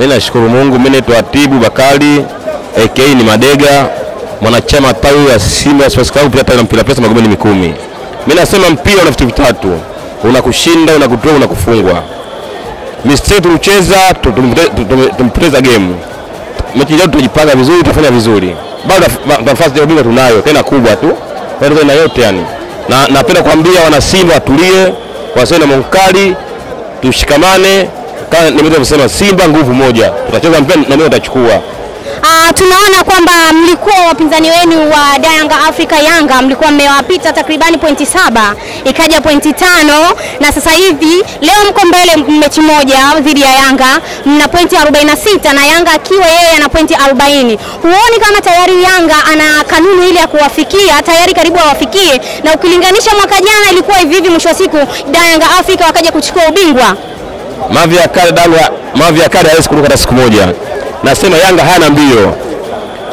Mimi nashukuru Mungu, mimi naitwa Atibu Bakari AK ni Madega, mwanachama tawi ya Simba Sports Club, pia tawi la mpira pesa magomeni Mikumi. Mimi nasema mpira una vitu vitatu, unakushinda, unakutoa, unakufungwa. Mistake tulicheza tumpoteza game, mechi ijayo tutajipanga vizuri, tutafanya vizuri, bado nafasi ya ubingwa tunayo, tena kubwa tu, na yote yani, na napenda kuambia wana Simba watulie, wasiwe na mkali, tushikamane kama nimeweza kusema Simba nguvu moja, tutacheza mpira na mimi nitachukua. Ah, tunaona kwamba mlikuwa wapinzani wenu wa Dayanga Africa Yanga mlikuwa mmewapita takribani pointi saba ikaja pointi tano na sasa hivi leo mko mbele mechi moja dhidi ya Yanga mna pointi 46 na Yanga akiwa yeye ana pointi 40. Huoni kama tayari Yanga ana kanuni ile ya kuwafikia tayari karibu awafikie, na ukilinganisha mwaka jana ilikuwa hivi hivi, mwisho wa siku Dayanga Africa wakaja kuchukua ubingwa. Mavi ya kale Dalwa, Mavi ya kale hawezi kuruka hata siku moja. Nasema Yanga hana mbio.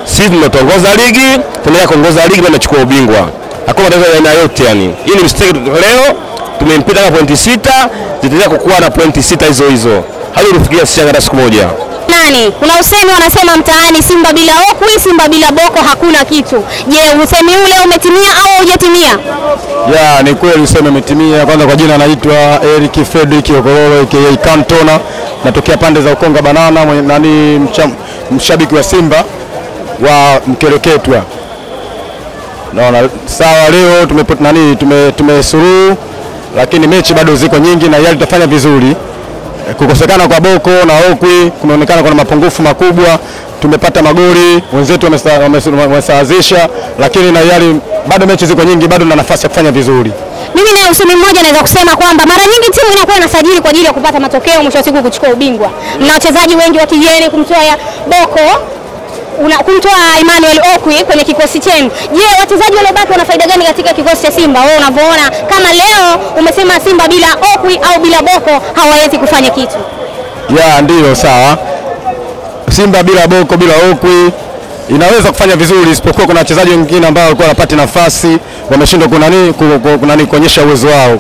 Sisi tunatongoza ligi, tunaenda kuongoza ligi na tunachukua ubingwa. Hakuna tatizo aina yote yani. Hii ni mistake leo tumempita na pointi sita, zitaendelea kukuwa na pointi sita hizo hizo. Hadi ufikia sisi hata siku moja nani? Kuna usemi wanasema mtaani, Simba bila okwi, Simba bila boko hakuna kitu. Je, usemi ule umetimia au hujatimia? Ya, ni kweli usemi umetimia. Kwanza kwa jina anaitwa Eric Fredrick Okororo aka Kantona, natokea pande za Ukonga Banana, nani, mshabiki wa Simba wa mkereketwa. Naona sawa, leo tumepo, nani tumesuruhu tume, lakini mechi bado ziko nyingi na yali tutafanya vizuri. Eh, kukosekana kwa Boko na Okwi kumeonekana kuna mapungufu makubwa. Tumepata magoli, wenzetu wamesawazisha, lakini na yali bado mechi ziko nyingi, bado na nafasi ya kufanya vizuri. Mimi na usemi mmoja naweza kusema kwamba mara nyingi timu inakuwa inasajili kwa ajili ya kupata matokeo, mwisho wa siku kuchukua ubingwa. Mna wachezaji wengi wa kigeni kumtoa ya Boko kumtoa Emmanuel Okwi kwenye kikosi chenu. Je, wachezaji waliobaki wana faida gani katika kikosi cha Simba? Wewe unavyoona kama leo umesema Simba bila Okwi au bila Boko hawawezi kufanya kitu. Ya, ndiyo sawa. Simba bila Boko bila Okwi inaweza kufanya vizuri, isipokuwa kuna wachezaji wengine ambao walikuwa wanapata nafasi, wameshindwa kunani kunani kuonyesha uwezo wao,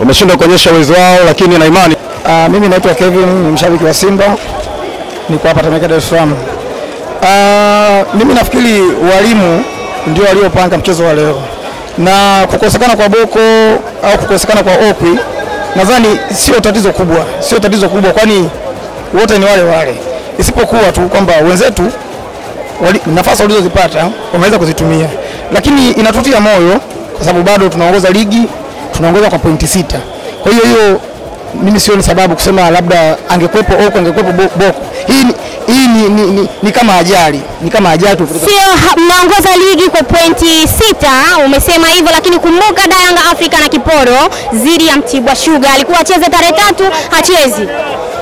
wameshindwa kuonyesha uwezo wao, lakini na imani. Uh, mimi naitwa Kevin, ni mshabiki wa Simba niko hapa Temeke, Dar es Salaam. Uh, mimi nafikiri walimu ndio waliopanga mchezo wa leo na kukosekana kwa Boko au kukosekana kwa Okwi nadhani sio tatizo kubwa, sio tatizo kubwa, kwani wote ni wale wale, isipokuwa tu kwamba wenzetu wali, nafasi walizozipata wameweza kuzitumia, lakini inatutia moyo kwa sababu bado tunaongoza ligi, tunaongoza kwa pointi sita. Kwa hiyo hiyo mimi sioni sababu kusema labda angekwepo Okwi, angekwepo Boko hii hii ni, ni, ni, ni kama ajali, ni kama ajali. Sio, mnaongoza ligi kwa pointi sita, umesema hivyo, lakini kumbuka dayanga Yanga Afrika na kiporo dhidi ya Mtibwa Sugar, alikuwa acheze tarehe tatu, hachezi.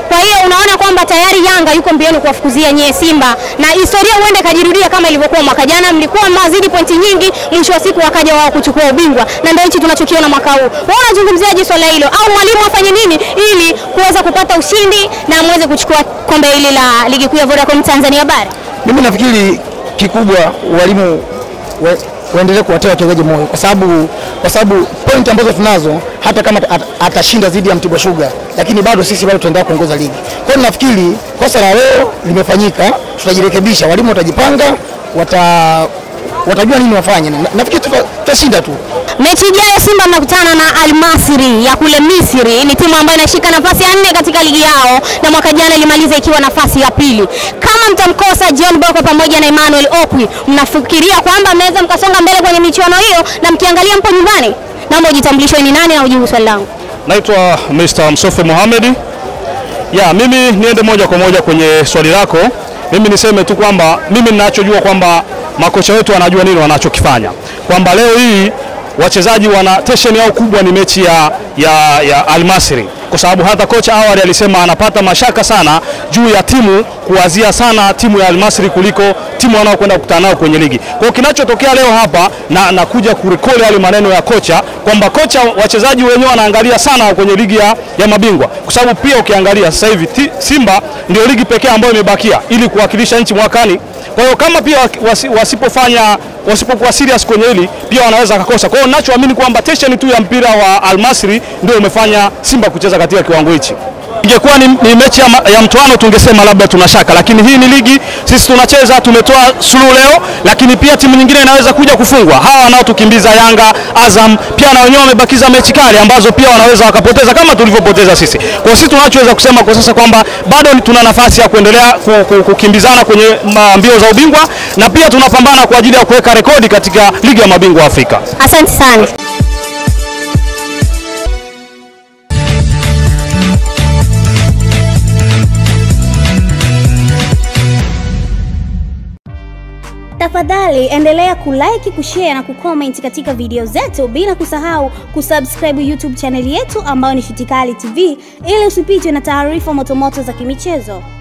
Kwa hiyo unaona kwamba tayari Yanga yuko mbioni kuwafukuzia nyie Simba, na historia huenda ikajirudia kama ilivyokuwa mwaka jana, mlikuwa mazidi pointi nyingi, mwisho wa siku wakaja wao kuchukua ubingwa, na ndio hichi tunachokiona mwaka huu. Wewe unazungumziaje swala hilo, au mwalimu afanye nini ili kuweza kupata ushindi na muweze kuchukua kombe hili la ligi kuu ya Vodacom Tanzania Bara? Mimi nafikiri kikubwa walimu waendelee kuwatia wachezaji moyo, kwa sababu kwa sababu pointi ambazo tunazo, hata kama atashinda dhidi ya Mtibwa Sugar, lakini bado sisi bado tunaendelea kuongoza ligi. Kwa hiyo nafikiri kosa la leo limefanyika, tutajirekebisha, walimu watajipanga, wata watajua nini wafanye. Nafikiri tutashinda tu. Mechi ijayo Simba mnakutana na almasri ya kule Misri. Ni timu ambayo inashika nafasi ya nne katika ligi yao na mwaka jana ilimaliza ikiwa nafasi ya pili. Kama mtamkosa John Boko pamoja na Emmanuel Okwi, mnafikiria kwamba mnaweza mkasonga mbele kwenye michuano hiyo? Na mkiangalia mpo nyumbani, naomba ujitambulishe ni nani na ujibu swali langu. Naitwa Mr. Msofe Mohamed. Ya, mimi niende moja kwa moja kwenye swali lako. Mimi niseme tu kwamba mimi ninachojua kwamba makocha wetu wanajua nini wanachokifanya, kwamba leo hii wachezaji wana tension yao kubwa ni mechi ya, ya, ya Almasri kwa sababu hata kocha awali alisema anapata mashaka sana juu ya timu kuwazia sana timu ya Almasri kuliko timu wanaokwenda kukutana nao kwenye ligi. Kwa hiyo kinachotokea leo hapa na nakuja kurekodi yale maneno ya kocha kwamba kocha, wachezaji wenyewe wanaangalia sana kwenye ligi ya, ya mabingwa, kwa sababu pia ukiangalia sasa hivi Simba ndio ligi pekee ambayo imebakia ili kuwakilisha nchi mwakani. Kwa hiyo kama pia wasi, wasipofanya wasipokuwa serious kwenye hili pia wanaweza kukosa. Kwa hiyo ninachoamini kwamba tension tu ya mpira wa Almasri ndio umefanya Simba kucheza katika kiwango hichi ingekuwa ni, ni mechi ya, ya mtoano tungesema labda tuna shaka, lakini hii ni ligi, sisi tunacheza. Tumetoa suluhu leo, lakini pia timu nyingine inaweza kuja kufungwa. Hawa wanaotukimbiza Yanga, Azam, pia na wenyewe wamebakiza mechi kali ambazo pia wanaweza wakapoteza kama tulivyopoteza sisi. Kwa sisi tunachoweza kusema kwa sasa kwamba bado tuna nafasi ya kuendelea kukimbizana kwenye mbio za ubingwa, na pia tunapambana kwa ajili ya kuweka rekodi katika ligi ya mabingwa Afrika. Asante sana. Tafadhali endelea kulike, kushare na kucomment katika video zetu bila kusahau kusubscribe YouTube chaneli yetu ambayo ni Shutikali TV ili usipitwe na taarifa motomoto za kimichezo.